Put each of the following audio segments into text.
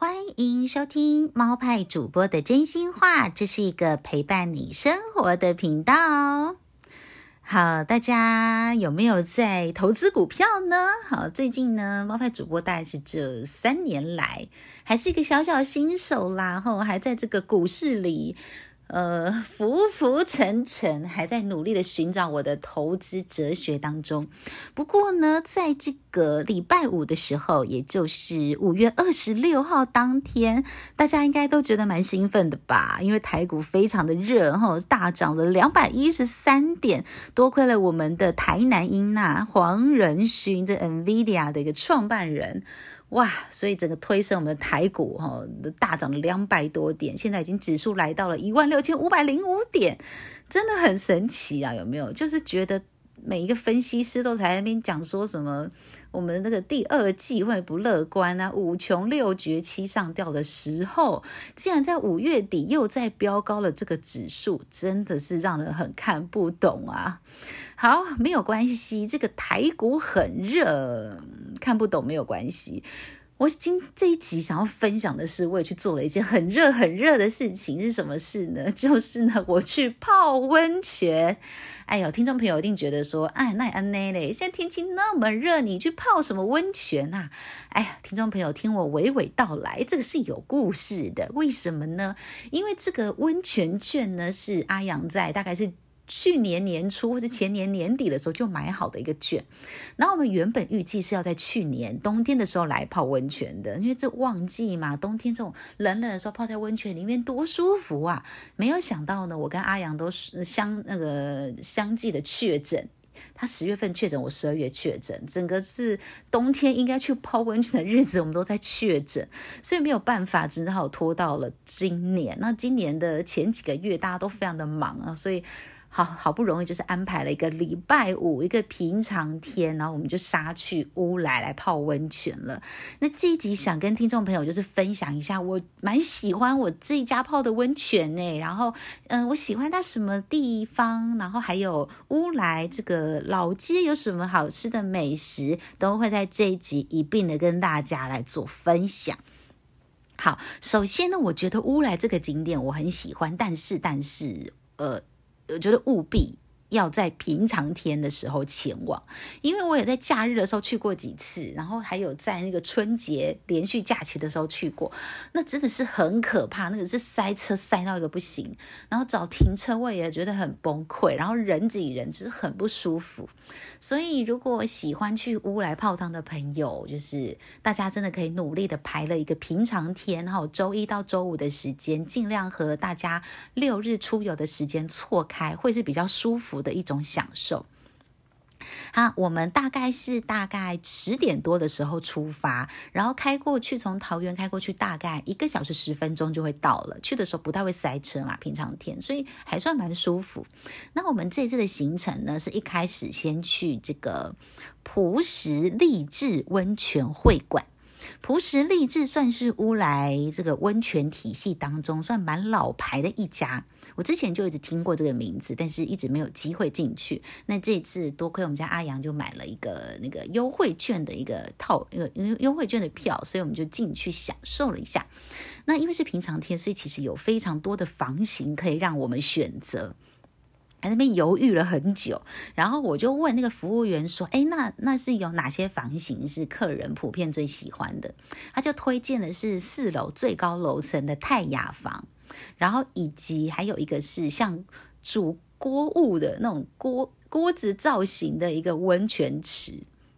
歡迎收聽貓派主播的真心話，這是一個陪伴你生活的頻道、哦。好，大家有沒有在投資股票呢？好，最近呢，貓派主播大概是這三年來還是一個小小新手啦，然後、哦、還在這個股市裡。呃，浮浮沉沉，還在努力的尋找我的投資哲學當中。不過呢，在這個禮拜五的時候，也就是五月二十六號當天，大家應該都覺得蠻興奮的吧？因為台股非常的熱，然後大漲了兩百一十三點，多虧了我們的台南英娜、黃仁勳這 NVIDIA 的一個創辦人。哇，所以整個推升我們的台股哈，大漲了兩百多點，現在已經指數來到了一萬六千五百零五點，真的很神奇啊，有沒有？就是覺得每一個分析師都在那邊講說什麼，我們那個第二季會不樂觀啊，五窮六絕七上吊的時候，竟然在五月底又再飆高了這個指數，真的是讓人很看不懂啊。好，沒有關係，這個台股很熱。看不懂沒有關係。我今這一集想要分享的是，我也去做了一件很熱很熱的事情，是什麼事呢？就是呢，我去泡溫泉。哎呦，聽眾朋友一定覺得說，哎，那安奈嘞，現在天氣那麼熱，你去泡什麼溫泉吶、啊？哎呀，聽眾朋友聽我娓娓道來，這個是有故事的。為什麼呢？因為這個溫泉券呢，是阿陽在，大概是。去年年初或者前年年底的時候就買好的一個券，然後我們原本預計是要在去年冬天的時候來泡溫泉的，因為這旺季嘛，冬天這種冷冷的時候泡在溫泉裡面多舒服啊！沒有想到呢，我跟阿陽都是相那個、呃、相繼的確診，他十月份確診，我十二月確診，整個是冬天應該去泡溫泉的日子，我們都在確診，所以沒有辦法，只好拖到了今年。那今年的前幾個月大家都非常的忙啊，所以。好好不容易，就是安排了一個禮拜五，一個平常天，然後我們就殺去烏來來泡溫泉了。那這一集想跟聽眾朋友就是分享一下，我蠻喜歡我這一家泡的溫泉呢。然後，嗯、呃，我喜歡它什麼地方，然後還有烏來這個老街有什麼好吃的美食，都會在這一集一併的跟大家來做分享。好，首先呢，我覺得烏來這個景點我很喜歡，但是，但是，呃。我覺得務必，要在平常天的時候前往，因為我也在假日的時候去過幾次，然後還有在那個春節連續假期的時候去過，那真的是很可怕，那個是塞車塞到一個不行，然後找停車位也覺得很崩潰，然後人擠人就是很不舒服。所以如果喜歡去烏來泡湯的朋友，就是大家真的可以努力的排了一個平常天，然後週一到週五的時間，盡量和大家六日出遊的時間錯開，會是比較舒服。的一種享受。好，我們大概是大概十點多的時候出發，然後開過去，從桃園開過去大概一個小時十分鐘就會到了。去的時候不太會塞車嘛，平常天，所以還算蠻舒服。那我們這次的行程呢，是一開始先去這個璞石麗緻溫泉會館。璞石麗緻算是烏來這個溫泉體系當中算蠻老牌的一家。我之前就一直聽過這個名字，但是一直沒有機會進去。那這一次多虧我們家阿陽就買了一個那個優惠券的一個套一個優惠券的票，所以我們就進去享受了一下。那因為是平常天，所以其實有非常多的房型可以讓我們選擇。在、啊、那邊猶豫了很久，然後我就問那個服務員說：“哎，那那是有哪些房型是客人普遍最喜歡的？”他就推薦的是四樓最高樓層的泰雅房。然後以及還有一個是像煮鍋物的那種鍋鍋子造型的一個溫泉池，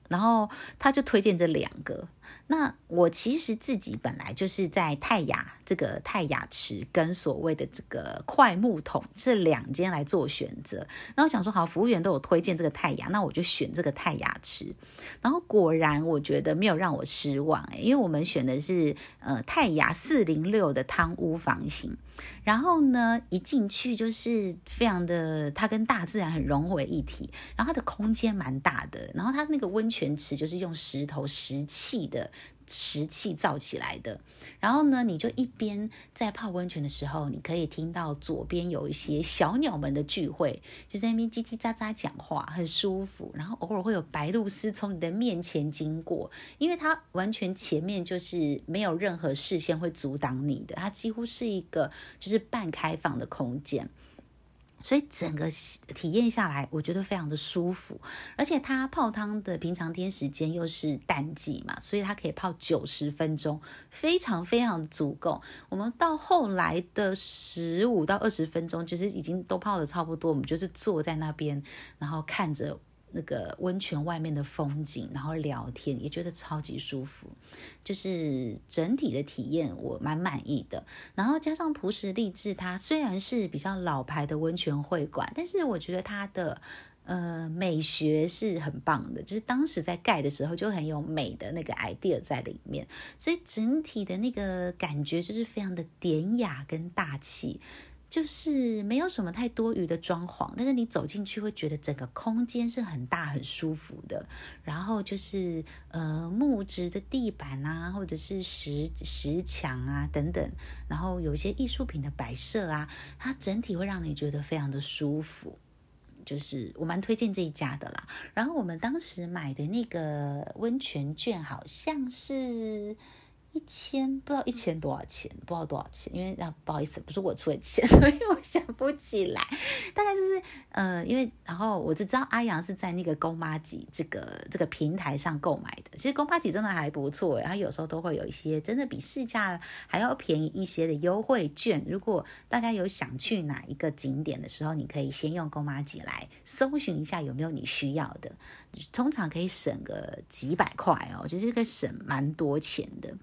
然後他就推薦這兩個。那我其實自己本來就是在泰雅這個泰雅池跟所謂的這個檜木桶這兩間來做選擇，然後想說好，服務員都有推薦這個泰雅，那我就選這個泰雅池，然後果然我覺得沒有讓我失望，誒，因為我們選的是呃泰雅四零六的湯屋房型。然後呢，一進去就是非常的，它跟大自然很融為一體。然後它的空間蠻大的，然後它那個溫泉池就是用石頭石砌的。石器造起來的，然後呢，你就一邊在泡溫泉的時候，你可以聽到左邊有一些小鳥們的聚會，就在那邊嘰嘰喳喳講話，很舒服。然後偶爾會有白鷺鷥從你的面前經過，因為它完全前面就是沒有任何視線會阻擋你的，它幾乎是一個就是半開放的空間。所以整個體驗下來，我覺得非常的舒服，而且它泡湯的平常天時間又是淡季嘛，所以它可以泡九十分鐘，非常非常足夠。我們到後來的十五到二十分鐘，其實已經都泡的差不多，我們就是坐在那邊，然後看着。那個溫泉外面的風景，然後聊天也覺得超級舒服，就是整體的體驗我蠻滿意的。然後加上璞石麗緻，它雖然是比較老牌的溫泉會館，但是我覺得它的呃美學是很棒的，就是當時在蓋的時候就很有美的那個 idea 在裡面，所以整體的那個感覺就是非常的典雅跟大氣。就是沒有什麼太多餘的裝潢，但是你走進去會覺得整個空間是很大很舒服的。然後就是呃木質的地板啊，或者是石石牆啊等等，然後有一些藝術品的擺設啊，它整體會讓你覺得非常的舒服。就是我蠻推薦這一家的啦。然後我們當時買的那個溫泉券好像是。一千不知道一千多少錢、嗯，不知道多少錢，因為啊不好意思，不是我出的錢，所以我想不起來。大概就是，呃，因為然後我只知道阿陽是在那個 “GOMAJI” 這個這個平台上購買的。其實 “GOMAJI” 真的還不錯，然後有時候都會有一些真的比市價還要便宜一些的優惠券。如果大家有想去哪一個景點的時候，你可以先用 “GOMAJI” 來搜尋一下有沒有你需要的，通常可以省個幾百塊哦，其實可以省蠻多錢的。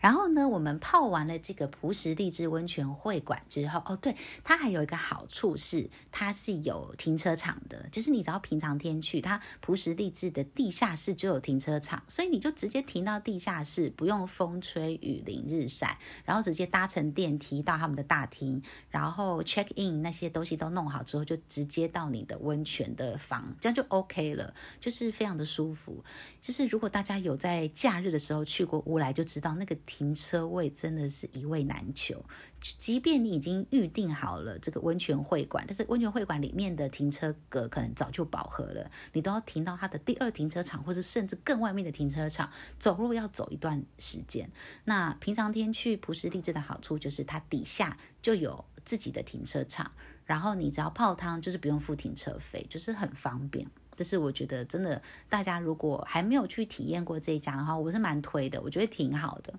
然後呢，我們泡完了這個璞石麗緻溫泉會館之後，哦，對，它還有一個好處是，它是有停車場的。就是你只要平常天去，它璞石麗緻的地下室就有停車場，所以你就直接停到地下室，不用風吹雨淋日曬，然後直接搭乘電梯到他們的大廳，然後 check in 那些東西都弄好之後，就直接到你的溫泉的房，這樣就 OK 了，就是非常的舒服。就是如果大家有在假日的時候去過烏來，就知道那個。停車位真的是一位難求，即便你已經預定好了這個溫泉會館，但是溫泉會館裡面的停車格可能早就飽和了，你都要停到它的第二停車場，或是甚至更外面的停車場，走路要走一段時間。那平常天去璞石麗緻的好處就是它底下就有自己的停車場，然後你只要泡湯就是不用付停車費，就是很方便。這是我覺得真的，大家如果還沒有去體驗過這一家的話，我是蠻推的，我覺得挺好的。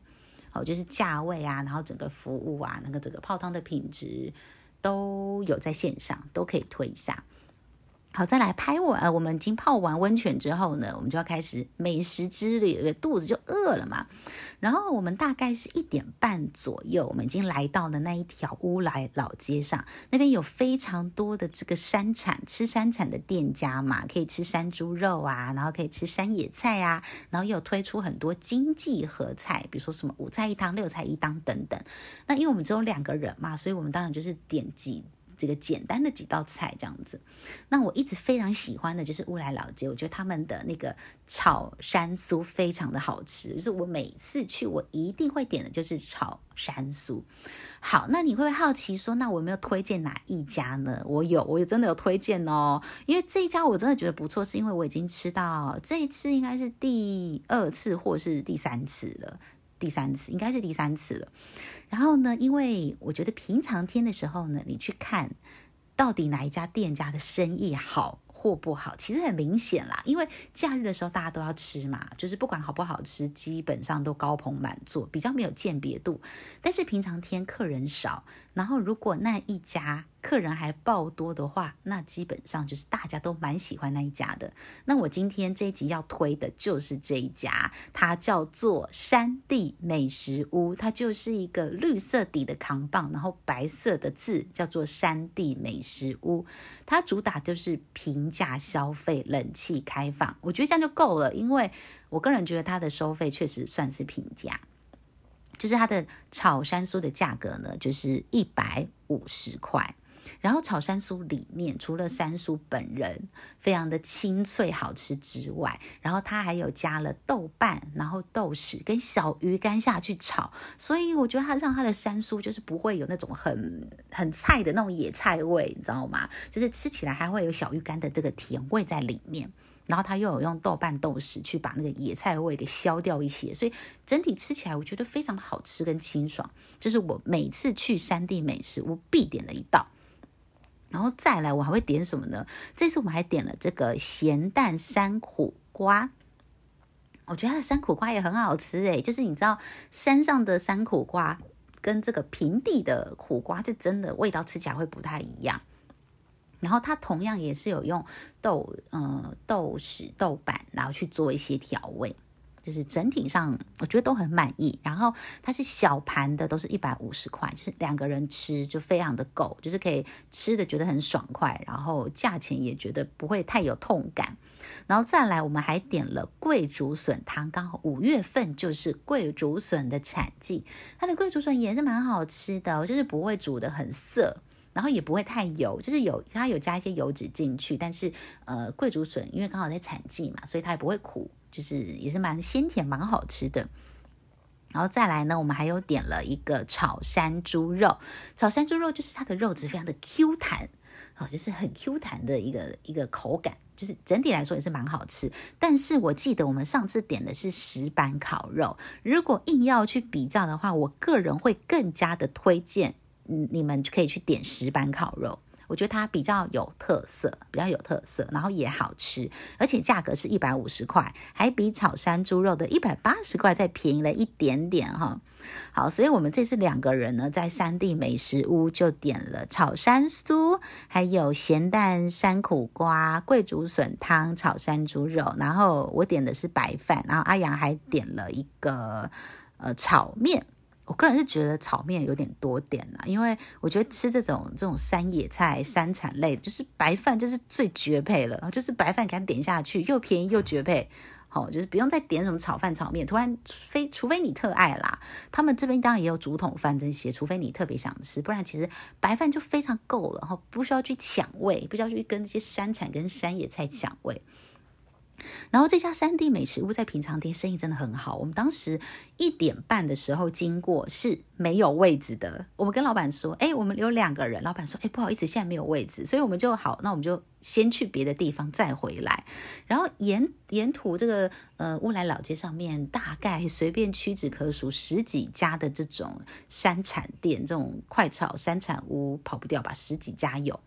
好，就是價位啊，然後整個服務啊，那個整個泡湯的品質都有在線上，都可以推一下。好，再來拍我。呃，我們已經泡完溫泉之後呢，我們就要開始美食之旅，肚子就餓了嘛。然後我們大概是一點半左右，我們已經來到了那一條烏來老街上，那邊有非常多的這個山產，吃山產的店家嘛，可以吃山豬肉啊，然後可以吃山野菜啊，然後也有推出很多經濟合菜，比如說什麼五菜一湯、六菜一湯等等。那因為我們只有兩個人嘛，所以我們當然就是點幾。這個簡單的幾道菜這樣子，那我一直非常喜歡的就是烏來老街，我覺得他們的那個炒山蘇非常的好吃，就是我每次去我一定會點的就是炒山蘇。好，那你會不會好奇說，那我有沒有推薦哪一家呢？我有，我也真的有推薦哦，因為這一家我真的覺得不錯，是因為我已經吃到這一次應該是第二次或是第三次了。第三次應該是第三次了，然後呢，因為我覺得平常天的時候呢，你去看到底哪一家店家的生意好或不好，其實很明顯啦。因為假日的時候大家都要吃嘛，就是不管好不好吃，基本上都高朋滿座，比較沒有鑑別度。但是平常天客人少。然後，如果那一家客人還爆多的話，那基本上就是大家都蠻喜歡那一家的。那我今天這一集要推的就是這一家，它叫做山地美食屋，它就是一個綠色底的扛棒，然後白色的字叫做山地美食屋。它主打就是平價消費、冷氣開放，我覺得這樣就夠了，因為我個人覺得它的收費確實算是平價。就是它的炒山蘇的價格呢，就是一百五十塊。然後炒山蘇裡面，除了山蘇本人非常的清脆好吃之外，然後它還有加了豆瓣，然後豆豉跟小魚乾下去炒。所以我覺得它讓它的山蘇，就是不會有那種很很菜的那種野菜味，你知道嗎？就是吃起來還會有小魚乾的這個甜味在裡面。然後他又有用豆瓣豆豉去把那個野菜味給消掉一些，所以整體吃起來我覺得非常好吃跟清爽，就是我每次去山地美食我必點的一道。然後再來我還會點什麼呢？這次我們還點了這個鹹蛋山苦瓜，我覺得它的山苦瓜也很好吃哎、欸，就是你知道山上的山苦瓜跟這個平地的苦瓜是真的味道吃起來會不太一樣。然後它同樣也是有用豆呃、嗯、豆豉豆板，然後去做一些調味，就是整體上我覺得都很滿意。然後它是小盤的，都是一百五十塊，就是兩個人吃就非常的夠，就是可以吃的覺得很爽快，然後價錢也覺得不會太有痛感。然後再來，我們還點了桂竹筍湯，剛好五月份就是桂竹筍的產季，它的桂竹筍也是蠻好吃的，哦，就是不會煮得很澀。然後也不會太油，就是有它有加一些油脂進去，但是呃，桂竹筍因為剛好在產季嘛，所以它也不會苦，就是也是蠻鮮甜、蠻好吃的。然後再來呢，我們還有點了一個炒山豬肉，炒山豬肉就是它的肉質非常的 Q 彈，哦，就是很 Q 彈的一個一個口感，就是整體來說也是蠻好吃。但是我記得我們上次點的是石板烤肉，如果硬要去比較的話，我個人會更加的推薦。你你們可以去點石板烤肉，我覺得它比較有特色，比較有特色，然後也好吃，而且價格是一百五十塊，還比炒山豬肉的一百八十塊再便宜了一點點哈、哦。好，所以我們這次兩個人呢，在山地美食屋就點了炒山蘇，還有鹹蛋山苦瓜、桂竹筍湯、炒山豬肉，然後我點的是白飯，然後阿陽還點了一個呃炒麵。我個人是覺得炒麵有點多點了、啊，因為我覺得吃這種這種山野菜、山產類的，就是白飯就是最絕配了，然後就是白飯敢點下去又便宜又絕配，好、哦、就是不用再點什麼炒飯、炒麵，突然非除，除非你特愛啦，他們這邊當然也有竹筒飯這些，除非你特別想吃，不然其實白飯就非常夠了，然、哦、後不需要去搶味，不需要去跟這些山產跟山野菜搶味。然後這家三 D 美食屋在平常店生意真的很好。我們當時一點半的時候經過是沒有位置的。我們跟老闆說：“哎，我們有兩個人。”老闆說：“哎，不好意思，現在沒有位置。”所以我們就好，那我們就先去別的地方再回來。然後沿沿途這個呃烏來老街上面，大概隨便屈指可數十幾家的這種山產店，這種快炒山產屋跑不掉吧，十幾家有。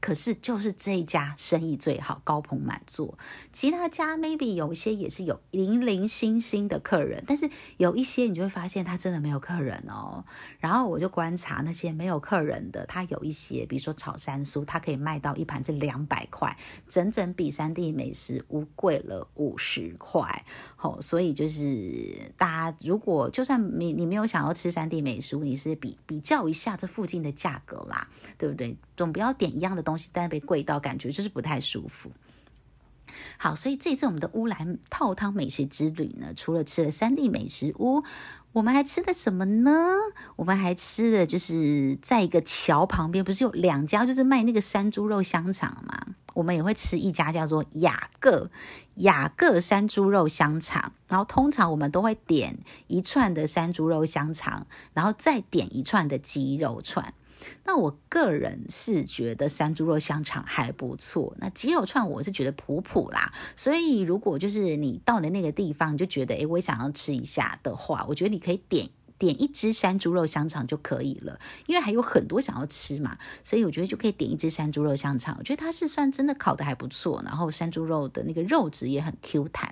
可是就是這一家生意最好，高朋滿座。其他家 maybe 有一些也是有零零星星的客人，但是有一些你就會發現他真的沒有客人哦。然後我就觀察那些沒有客人的，他有一些，比如說炒山蘇，他可以賣到一盤是兩百塊，整整比山地美食屋貴了五十塊。哦，所以就是大家如果就算你你沒有想要吃山地美食，你是比比較一下這附近的價格啦，對不對？總不要點一樣的東西東西但被貴到，感覺就是不太舒服。好，所以這次我們的烏來泡湯美食之旅呢，除了吃了三 D 美食屋，我們還吃了什麼呢？我們還吃了就是在一個橋旁邊，不是有兩家就是賣那個山豬肉香腸嘛。我們也會吃一家叫做雅各雅各山豬肉香腸，然後通常我們都會點一串的山豬肉香腸，然後再點一串的雞肉串。那我個人是覺得山豬肉香腸還不錯，那雞肉串我是覺得普普啦。所以如果就是你到了那個地方，就覺得誒，我想要吃一下的話，我覺得你可以點點一隻山豬肉香腸就可以了，因為還有很多想要吃嘛，所以我覺得就可以點一隻山豬肉香腸。我覺得它是算真的烤得還不錯，然後山豬肉的那個肉質也很 Q 彈。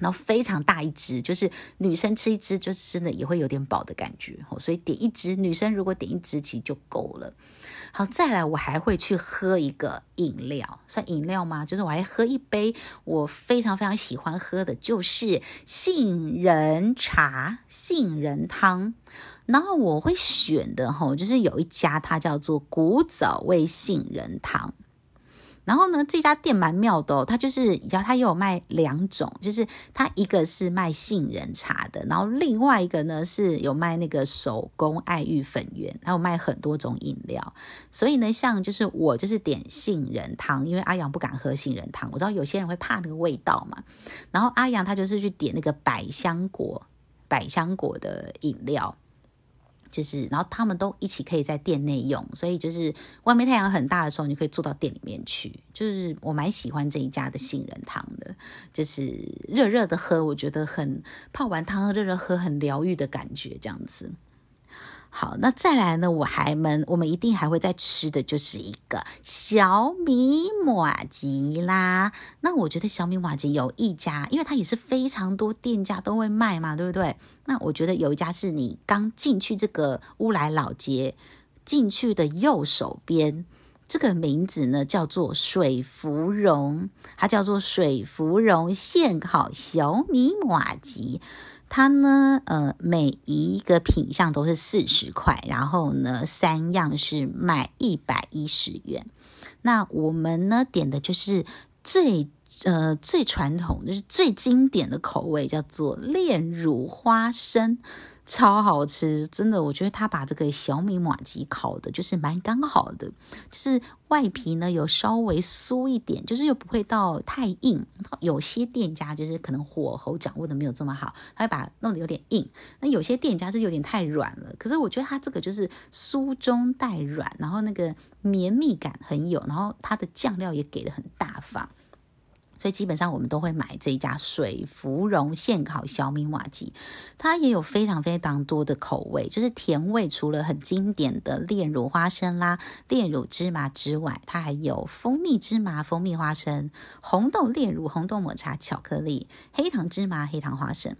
然後非常大一隻，就是女生吃一隻，就真的也會有點飽的感覺，所以點一隻，女生如果點一隻其實就夠了。好，再來我還會去喝一個飲料，算飲料嗎？就是我還喝一杯，我非常非常喜歡喝的，就是杏仁茶、杏仁湯。然後我會選的，就是有一家它叫做古早味杏仁湯。然後呢，這家店蠻妙的哦，它就是你知道，它也有賣兩種，就是它一個是賣杏仁茶的，然後另外一個呢是有賣那個手工愛玉粉圓，還有賣很多種飲料。所以呢，像就是我就是點杏仁湯，因為阿陽不敢喝杏仁湯，我知道有些人會怕那個味道嘛。然後阿陽他就是去點那個百香果，百香果的飲料。就是，然後他們都一起可以在店內用，所以就是外面太陽很大的時候，你可以坐到店裡面去。就是我蠻喜歡這一家的杏仁湯的，就是熱熱的喝，我覺得很泡完湯喝熱熱喝，很療癒的感覺，這樣子。好，那再來呢？我還們我們一定還會再吃的就是一個小米麻糬啦。那我覺得小米麻糬有一家，因為它也是非常多店家都會賣嘛，對不對？那我覺得有一家是你剛進去這個烏來老街進去的右手邊，這個名字呢，叫做水芙蓉，它叫做水芙蓉現烤小米麻糬。它呢，呃，每一個品項，都是四十塊，然後呢，三樣是賣一百一十元。那我們呢，點的就是最呃最傳統，就是最經典的口味，叫做煉乳花生。超好吃，真的，我覺得他把這個小米麻糬烤的，就是蠻剛好的，就是外皮呢有稍微酥一點，就是又不會到太硬。有些店家就是可能火候掌握的沒有這麼好，他會把弄得有點硬。那有些店家是有點太軟了，可是我覺得他這個就是酥中帶軟，然後那個綿密感很有，然後它的醬料也給的很大方。所以基本上我們都會買這一家水芙蓉現烤小米瓦吉，它也有非常非常多的口味，就是甜味除了很經典的煉乳花生啦、煉乳芝麻之外，它還有蜂蜜芝麻、蜂蜜花生、紅豆煉乳、紅豆抹茶、巧克力、黑糖芝麻、黑糖花生。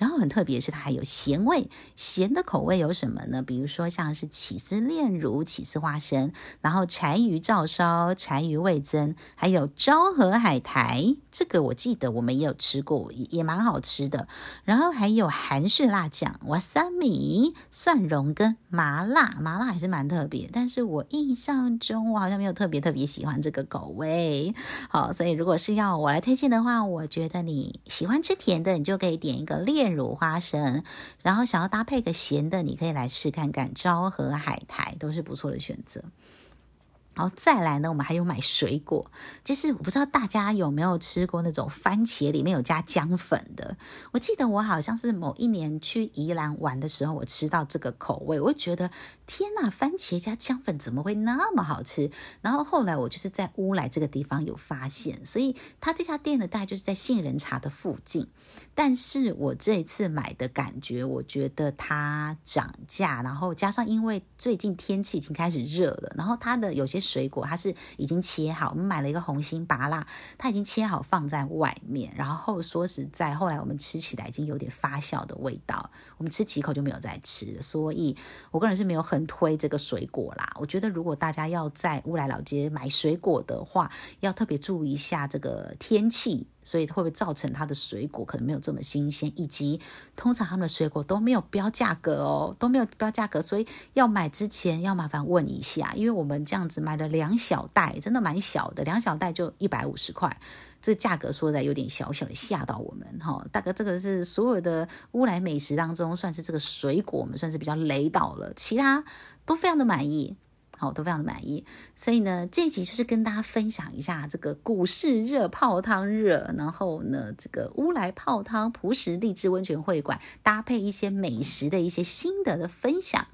然後很特別是，它還有鹹味。鹹的口味有什麼呢？比如說像是起司煉乳、起司花生，然後柴魚照燒、柴魚味噌，還有昭和海苔。這個我記得我們也有吃過，也也蠻好吃的。然後還有韓式辣醬、哇沙米、蒜蓉跟麻辣，麻辣還是蠻特別。但是我印象中，我好像沒有特別特別喜歡這個口味。好，所以如果是要我來推薦的話，我覺得你喜歡吃甜的，你就可以點一個煉。乳花生，然後想要搭配個鹹的，你可以來試看看昭和海苔，都是不錯的選擇。然後再來呢，我們還有買水果，就是我不知道大家有沒有吃過那種番茄裡面有加薑粉的。我記得我好像是某一年去宜蘭玩的時候，我吃到這個口味，我就覺得天哪，番茄加薑粉怎麼會那麼好吃？然後後來我就是在烏來這個地方有發現，所以他這家店呢，大概就是在杏仁茶的附近。但是我這一次買的感覺，我覺得它漲價，然後加上因為最近天氣已經開始熱了，然後它的有些。水果它是已經切好，我們買了一個紅心芭樂，它已經切好放在外面。然後說實在，後來我們吃起來已經有點發酵的味道。我們吃幾口就沒有再吃了，所以我個人是沒有很推這個水果啦。我覺得如果大家要在烏來老街買水果的話，要特別注意一下這個天氣，所以會不會造成它的水果可能沒有這麼新鮮，以及通常他們的水果都沒有標價格哦，都沒有標價格，所以要買之前要麻煩問一下，因為我們這樣子買了兩小袋，真的蠻小的，兩小袋就一百五十塊。這價格說得，有點小小的嚇到我們哈、哦，大概這個是所有的烏來美食當中算是這個水果，我們算是比較雷倒了，其他都非常的滿意，好、哦，都非常的滿意。所以呢，這一集就是跟大家分享一下這個股市熱泡湯熱，然後呢，這個烏來泡湯璞石麗緻溫泉會館搭配一些美食的一些心得的分享。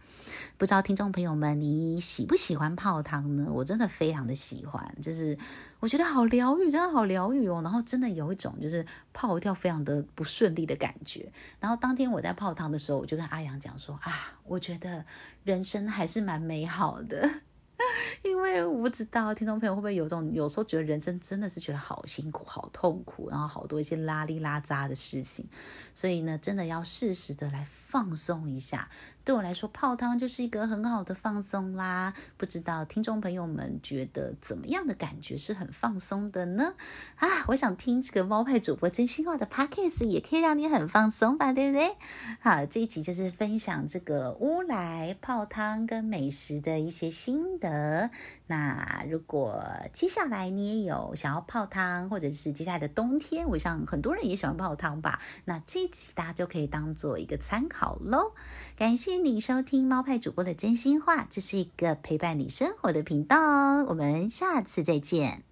不知道聽眾朋友們你喜不喜歡泡湯呢？我真的非常的喜歡，就是我覺得好療癒，真的好療癒哦。然後真的有一種就是泡一跳非常的不順利的感覺。然後當天我在泡湯的時候，我就跟阿陽講說啊，我覺得人生還是蠻美好的。因為我不知道聽眾朋友會不會有種有時候覺得人生真的是覺得好辛苦、好痛苦，然後好多一些拉哩拉雜的事情。所以呢，真的要適時的來放鬆一下。對我來說，泡湯就是一個很好的放鬆啦。不知道聽眾朋友們覺得怎麼樣的感覺是很放鬆的呢？啊，我想聽這個貓派主播真心話的 podcast 也可以讓你很放鬆吧，對不對？好，這一集就是分享這個烏來泡湯跟美食的一些心得。那如果接下來你也有想要泡湯，或者是接下來的冬天，我想很多人也喜歡泡湯吧。那這一集大家就可以當做一個參考嘍。感謝。歡迎收聽貓派主播的真心話，這是一個陪伴你生活的頻道哦。我們下次再見。